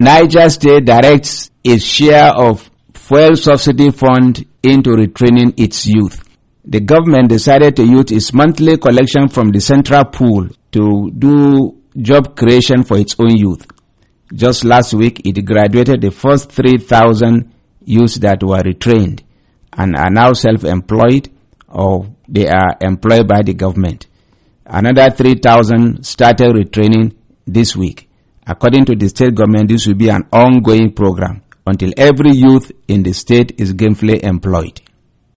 Niger State directs its share of fuel subsidy fund into retraining its youth. The government decided to use its monthly collection from the central pool to do job creation for its own youth. Just last week, it graduated the first 3,000 youths that were retrained and are now self-employed or they are employed by the government. Another 3,000 started retraining this week. According to the state government, this will be an ongoing program until every youth in the state is gainfully employed.